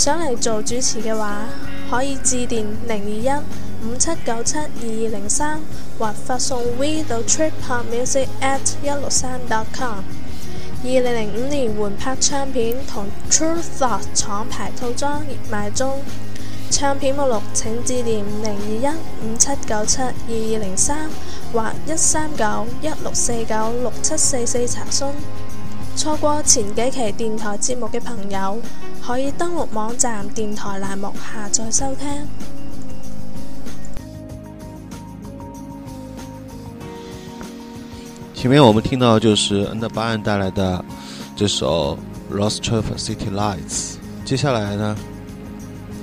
想嚟做主持嘅話，可以致電零二一五七九七二二零三，3，或發送 V 到 trip music at 一六三點 com。二零零五年換拍唱片同 True Thought 廠牌套裝熱賣中，唱片目錄請致電零二一五七九七二二零三或一三九一六四九六七四四查詢。錯過前幾期電台節目嘅朋友，可以登錄網站電台欄目下載收聽。前面我們聽到就是 Under Byen 帶來的這首《Lustrup City Lights》，接下來呢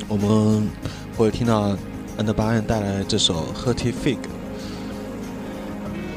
我們會聽到 Under Byen 帶來的這首《Heftig